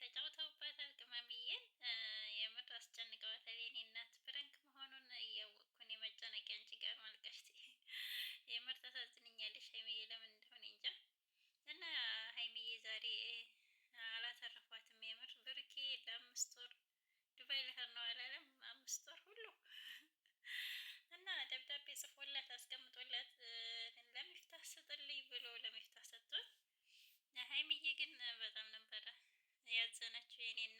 ተጫውተውባታል ቅመምዬን የምር አስጨንቀዋታል። የኔ እናት ብረንክ መሆኑን እያወቅኩን የመጨነቅ አንቺ ጋር ማልቀሽ የምር ተሳዝንኛለሽ ሀይሚዬ፣ ለምን እንደሆነ እንጃ። እና ሀይሚዬ ዛሬ አላተረፏትም። የምር ብርኬ ለአምስት ወር ዱባይ ልሄድ ነው አላለም? አምስት ወር ሁሉ እና ደብዳቤ ጽፎላት አስቀምጦላት ለሚፍታህ ስጥልኝ ብሎ ለሚፍታህ ሰጥቶት ሀይሚዬ ግን በጣም ነበረ ያዘነችው የኔና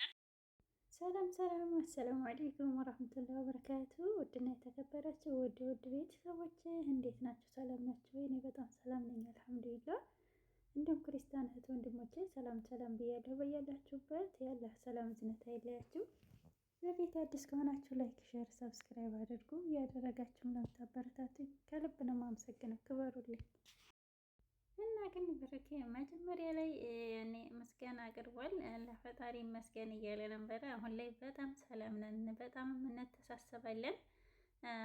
ሰላም ሰላም፣ አሰላሙ አሌይኩም ወራህመቱላሂ ወበረካቱ። ውድና የተከበራችሁ ውድ ውድ ቤተሰቦች እንዴት ናችሁ? ሰላም ናችሁ? እኔ በጣም ሰላም ነኝ አልሐምዱሊላህ። እንዲሁም ክርስቲያን እህት ወንድሞቼ ሰላም ሰላም ብያለሁ። በያላችሁበት ያለ ሰላም ዝነት አይለያችሁ። ለቤት አዲስ ከሆናችሁ ላይክ፣ ሼር፣ ሰብስክራይብ አድርጉ። እያደረጋችሁም ለምታበረታቱኝ ከልብ ነው ማመሰግነው። ክበሩልኝ። እና ግን ብሩኬ መጀመሪያ ላይ እኔ ምስጋና አቅርቧል ለፈጣሪ መስገን እያለ ነበረ። አሁን ላይ በጣም ሰላም ነን፣ በጣም እንተሳሰባለን።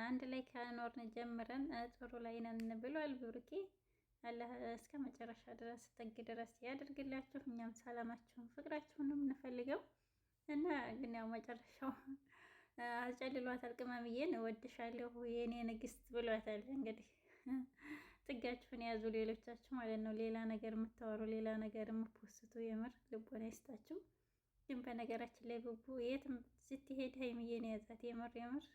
አንድ ላይ ከኖርን ጀምረን ጥሩ ላይ ነን ብሏል ብሩኬ። አላህ እስከ መጨረሻ ድረስ ጥግ ድረስ ያደርግላችሁ። እኛም ሰላማችሁን ነው እንፈልገው እና ግን ያው መጨረሻው አጨልሏታል። ቅመምዬን እወድሻለሁ የኔ ንግስት ብሏታል እንግዲህ ጥጋችሁን የያዙ ሌሎቻችሁ ማለት ነው። ሌላ ነገር የምታወሩ ሌላ ነገር የምፖስቱ የምር ልቦና ይስጣችሁ። ግን በነገራችን ላይ ብቡ የትም ስትሄድ ሀይሚዬን ያዛት የምር የምር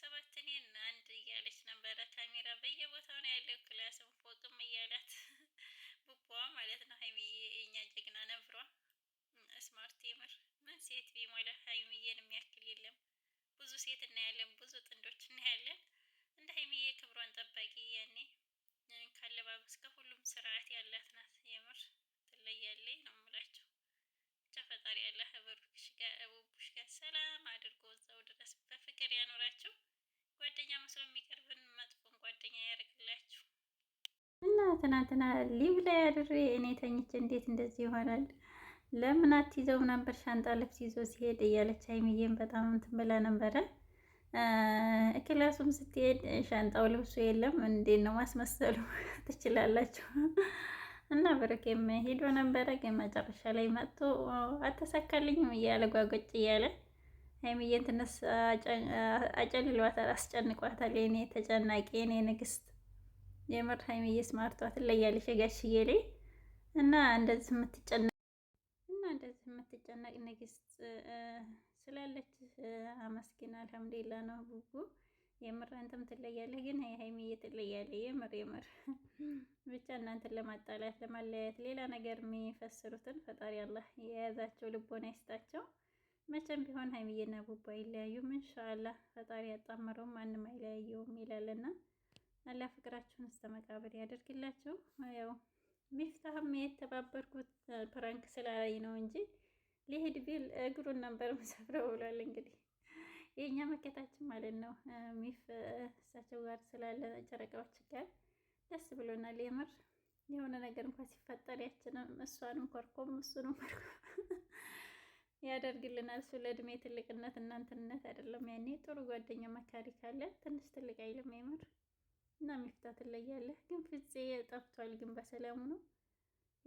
ሰባት እኔን አንድ እያለች ነበረ። ካሜራ በየቦታው ነው ያለው፣ ክላስም ፎቅም እያላት ቡቧዋ ማለት ነው። ሀይሚዬ የእኛ ጀግና ነብሯ ስማርት የምር ምን ሴት ቢሞላ ሀይሚዬን የሚያክል የለም። ብዙ ሴት እናያለን፣ ብዙ ጥንዶች እናያለን። እንደ ሀይሚዬ ክብሯን ጠባቂ ያኔ ካለባበስ ከሁሉም ስርዓት ያላት ናት። የምር ትለያለች ነው የምላቸው። ብቻ ፈጣሪ ያለ ሀበሩሽ ጋር ቡቡሽ ጋር ሰላም አድርጎ እዛው ድረስ በፍቅር ያኖራችሁ? ጓደኛ መስሎ የሚቀርብን መጥፎን ጓደኛ ያደርግላችሁ። እና ትናንትና ሊብ ላይ አድሬ እኔ ተኝቼ እንዴት እንደዚህ ይሆናል? ለምን አትይዘው ነበር ሻንጣ ልብስ ይዞ ሲሄድ እያለች ሀይሚዬን በጣም እንትን ብላ ነበረ። ክላሱም ስትሄድ ሻንጣው ልብሱ የለም። እንዴት ነው ማስመሰሉ ትችላላችሁ። እና ብሩኬም ሄዶ ነበረ፣ ግን መጨረሻ ላይ መጥቶ አተሳካልኝም እያለ ጓጎጭ እያለ ሀይሚዬን ትንሽ አጨልሏታል፣ አስጨንቋታል። የኔ ተጨናቂ፣ የኔ ንግስት፣ የምር ሀይሚዬ ስማርቷ ትለያለሽ የጋሽዬ ላይ እና እንደዚህ የምትጨነቅ እና እንደዚህ የምትጨነቅ ንግስት ስላለች አመስግን፣ አልሐምዱሊላ ነው ጉጉ። የምር አንተም ትለያለህ፣ ግን ሀይሚዬ ትለያለህ። የምር የምር ብቻ እናንተን ለማጣላት ለማለያየት ሌላ ነገር የሚፈስሩትን ፈጣሪ አላህ የያዛቸው ልቦና ይስጣቸው። መቼም ቢሆን ሀይሚዬና ቡባ አይለያዩም። እንሻአላህ ፈጣሪ ያጣመረው ማንም አይለያየውም ይላልና አላህ ፍቅራችሁን እስከ መቃብር ያደርግላችሁ። ያው ሚፍታህም የተባበርኩት ፕራንክ ስላላይ ነው እንጂ ሊሄድ ቢል እግሩን ነበር መሰብረው ብሏል። እንግዲህ የእኛ መከታችን ማለት ነው ሚፍ እሳቸው ጋር ስላለ ጨረቃዎች ጋር ደስ ብሎናል። የምር የሆነ ነገር እንኳ ሲፈጠር ያችንም እሷንም ኮርኮም እሱንም ኮርኮም ያደርግልናል። እሱ ለእድሜ ትልቅነት እናንትነት አይደለም። ያኔ ጥሩ ጓደኛ መካሪ ካለ ትንሽ ትልቅ አይልም። የምር እና ሚፍታ ትለያለህ። ግን ፍፄ ጠፍቷል፣ ግን በሰላሙ ነው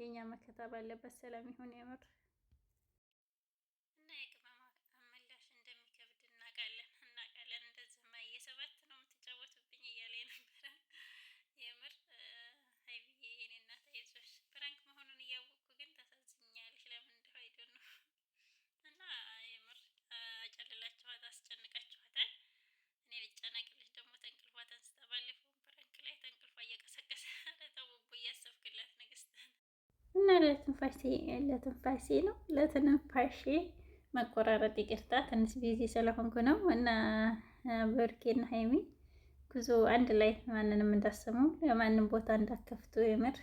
የእኛ መከታ ባለበት ሰላም ይሁን የምር ለትንፋሴ ነው ለትንፋሼ መቆራረጥ ይቅርታ፣ ትንሽ ቢዚ ስለሆንኩ ነው። እና ብሩኬና ሀይሚ ጉዞ አንድ ላይ ማንንም እንዳሰሙ የማንም ቦታ እንዳከፍቱ የምር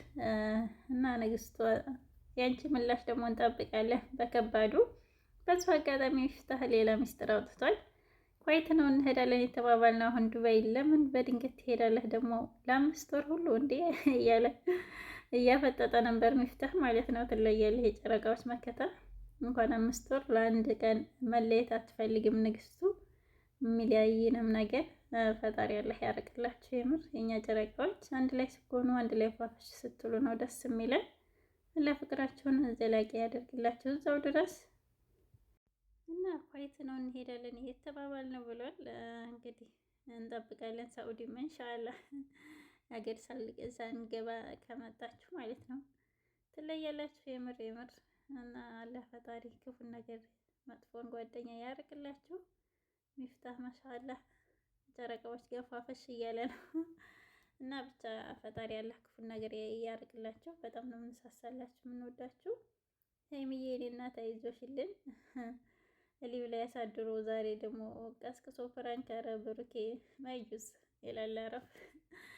እና ንግስቱ የአንቺ ምላሽ ደግሞ እንጠብቃለን በከባዱ። በዙ አጋጣሚ ፍታህ ሌላ ሚስጥር አውጥቷል። ኳይት ነው እንሄዳለን ነው። አሁን ዱባይ ለምን በድንገት ትሄዳለህ ደግሞ ለአምስት ወር ሁሉ እንዴ እያለ እያፈጠጠ ነበር ሚፍታህ ማለት ነው። ትለያለህ የጨረቃዎች መከታ። እንኳን አምስት ወር ለአንድ ቀን መለየት አትፈልግም ንግስቱ። የሚለያይንም ነገር ፈጣሪ ያለህ ያደርግላችሁ። የምር የእኛ ጨረቃዎች አንድ ላይ ስትሆኑ፣ አንድ ላይ ፏፈሽ ስትሉ ነው ደስ የሚለን። ለፍቅራችሁን ዘላቂ ያደርግላችሁ እዛው ድረስ እና ኳይት ነው እንሄዳለን እየተባባል ነው ብሏል። እንግዲህ እንጠብቃለን። ሳኡዲም ኢንሻአላህ ሀገር ሳንገባ ከመጣችሁ ማለት ነው ትለያላችሁ። የምር የምር እና አላህ ፈጣሪ ክፉን ነገር መጥፎን ጓደኛ ያርቅላችሁ። ሚፍታህ ማሻአላህ ጨረቃዎች ገፋፈሽ እያለ ነው እና ብቻ ፈጣሪ አላህ ክፉን ነገር ያርቅላችሁ። በጣም ነው የምንሳሳላችሁ፣ የምንወዳችሁ። ሀይሚዬ እኔ እናት አይዞሽልን እሊብ ላይ ያሳድሮ ዛሬ ደግሞ ቀስቅሶ ፕራንክ ኧረ ብሩኬ ማይጁስ ይላል አረፍ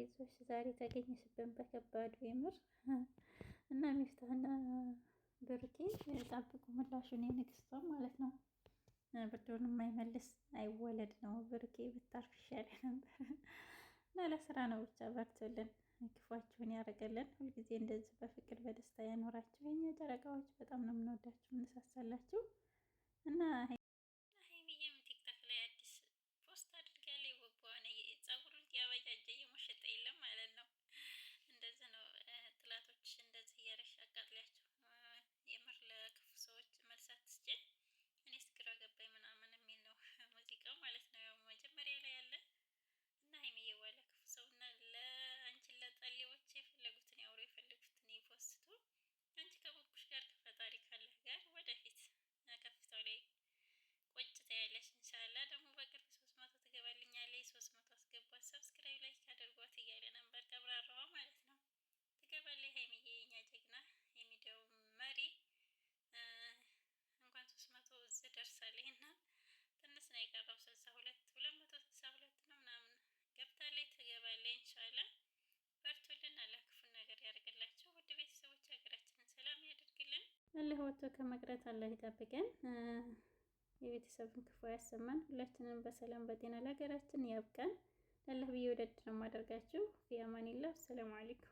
ይዞች ዛሬ ተገኘሽብን በከባዱ የምር እና ሚፍታህና ብሩኬ ጠብቁ ምላሹን የንግስቷን ማለት ነው። ብድሩን የማይመልስ አይወለድ ነው። ብሩኬ ብታርፍ ይሻል ነበር እና ለስራ ነው ብቻ በርቶልን፣ ክፏችሁን ያደረገልን። ሁልጊዜ እንደዚህ በፍቅር በደስታ ያኖራችሁ። የኛ ጨረቃዎች በጣም ነው የምንወዳችሁ፣ የምንሳሳላችሁ እና እልህ ወጥቶ ከመቅረት አላህ ይጠብቀን። የቤተሰብን ክፉ ያሰማን። ሁላችንም በሰላም በጤና ለሀገራችን ያብቃን። ለአላህ ብዬ ወደድ ነው የማደርጋችሁ። ፊ አማኒላህ። አሰላሙ አለይኩም